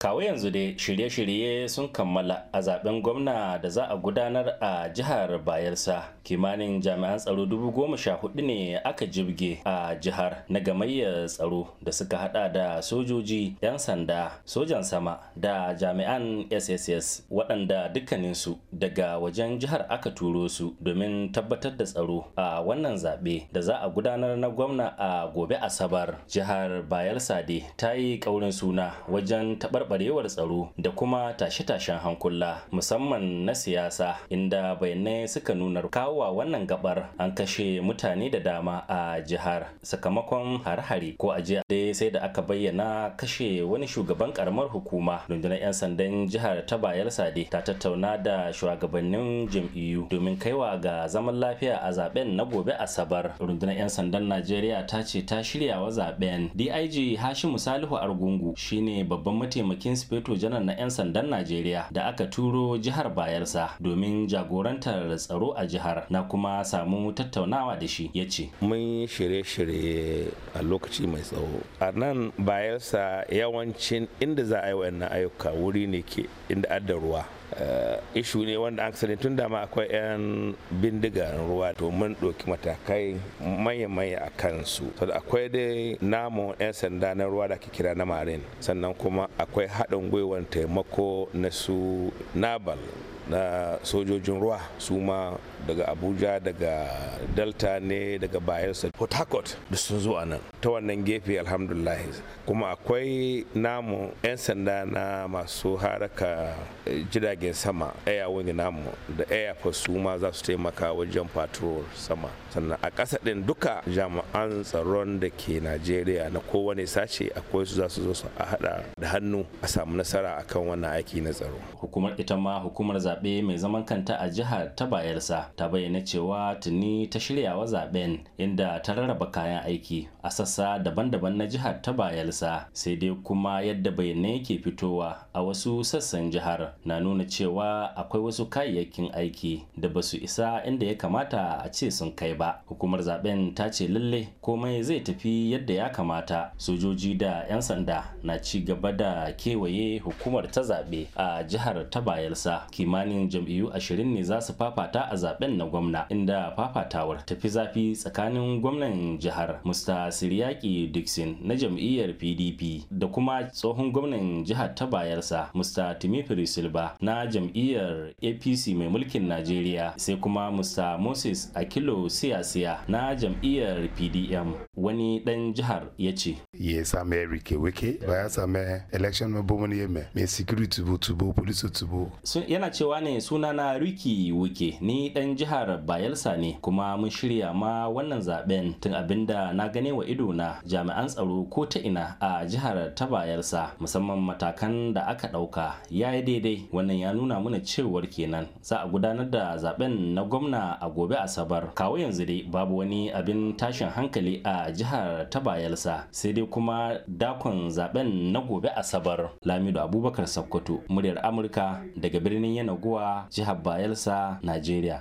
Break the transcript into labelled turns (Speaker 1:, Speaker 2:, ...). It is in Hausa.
Speaker 1: kawo yanzu dai shirye-shirye sun kammala a zaben gwamna da za a gudanar a jihar bayelsa kimanin jami'an tsaro dubu goma sha hudu ne aka jibge a jihar na gamayyar tsaro da suka hada da sojoji 'yan sanda sojan sama da jami'an sss waɗanda dukkaninsu daga wajen jihar aka turo su domin tabbatar da tsaro a wannan zaɓe da za a gudanar na gwamna a gobe asabar jihar bayelsa dai ta yi ƙaurin suna wajen taɓar taɓarɓarewar tsaro da kuma tashe-tashen hankula musamman na siyasa inda bayanai suka nuna kawowa wannan gabar an kashe mutane da dama a jihar sakamakon har-hari ko a jiya dai sai da aka bayyana kashe wani shugaban karamar hukuma rundunar 'yan sandan jihar ta bayar sade ta tattauna da shugabannin jam'iyyu domin kaiwa ga zaman lafiya a zaben na gobe asabar rundunar 'yan sandan najeriya ta ce ta shirya wa zaben dig hashimu salihu argungu shine babban mataimaki mataimakin sufeto janar na 'yan sandan najeriya da aka turo jihar bayelsa domin jagorantar tsaro a jihar na kuma samu tattaunawa da shi ya ce
Speaker 2: mun shirye-shirye a lokaci mai tsawo a nan bayelsa yawancin inda za a yi wa ayyuka wuri ne ke inda adda ruwa Eh, ishu ne wanda an sani tun dama akwai 'yan bindiga ruwa to mun ɗauki matakai manya-manya a kansu akwai dai namu 'yan sanda na ruwa da ake kira na marin sannan kuma akwai haɗin gwiwar taimako na su nabal na sojojin ruwa su ma daga abuja daga delta ne daga bayelsa port harcourt da sun zo a nan ta wannan gefe alhamdulahi kuma akwai namu 'yan sanda na masu haraka eh, jiragen sama air wing namu da air su ma za su taimaka wajen patrol sama sannan a ƙasa ɗin duka jami'an tsaron da ke najeriya na kowane sace akwai su za su zo su a haɗa da hannu a samu
Speaker 1: nasara akan wannan aiki na tsaro hukumar ita ma hukumar zaɓe mai zaman kanta a jihar ta bayelsa ta bayyana cewa tuni ta shiryawa zaɓen inda ta rarraba kayan aiki a sassa daban-daban na jihar ta bayelsa sai dai kuma yadda bayanai ke fitowa a wasu sassan jihar na nuna cewa akwai wasu kayayyakin aiki da ba su isa inda ya kamata a ce sun kai ba hukumar zaben ta ce lalle komai zai tafi yadda ya kamata sojoji da 'yan sanda na ci gaba da kewaye hukumar ta zaɓe a jihar ta bayelsa kimanin jam'iyyu ashirin ne za su fafata a zaben na gwamna inda fafatawar tafi zafi tsakanin gwamnan jihar musta yaƙi dixon na jam'iyyar pdp da kuma tsohon gwamnan jihar ta bayarsa, mr timothy silva na jam'iyyar apc mai mulkin najeriya sai kuma mr moses akilo siyasiya na jam'iyyar pdm wani ɗan jihar ya ce ya same rike wike ba ya same election ya mai mai security tubo police tubo yana cewa ne sunana riki wike ni ɗan jihar bayelsa ne kuma mun shirya ma wannan zaben tun abinda na gane wa ido na jami'an tsaro ko ta ina a jihar ta bayarsa, musamman matakan da aka ɗauka ya yi daidai wannan ya nuna mana cewar kenan za a gudanar da zaben na gwamna a gobe asabar kawo yanzu dai babu wani abin tashin hankali a jihar ta bayarsa, sai dai kuma dakon zaben na gobe asabar lamido abubakar sakkwato muryar amurka daga birnin yanaguwa jihar bayelsa najeriya